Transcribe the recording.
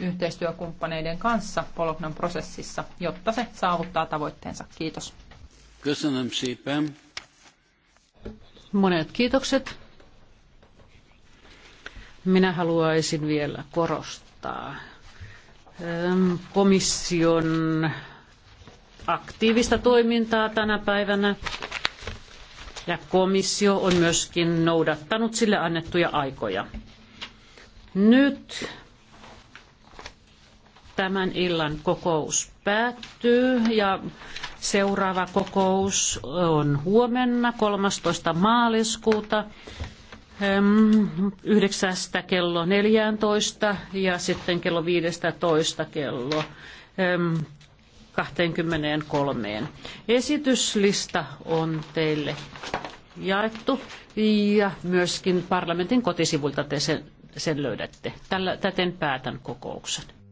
yhteistyökumppaneiden kanssa Bolognan prosessissa, jotta se saavuttaa tavoitteensa. Kiitos. Monet kiitokset. Minä haluaisin vielä korostaa ähm, komission aktiivista toimintaa tänä päivänä. Ja komissio on myöskin noudattanut sille annettuja aikoja. Nyt Tämän illan kokous päättyy ja seuraava kokous on huomenna 13. maaliskuuta ehm, yhdeksästä kello 14 ja sitten kello 15 kello 23. Ehm, Esityslista on teille jaettu ja myöskin parlamentin kotisivuilta te sen, sen löydätte. Tällä, täten päätän kokouksen.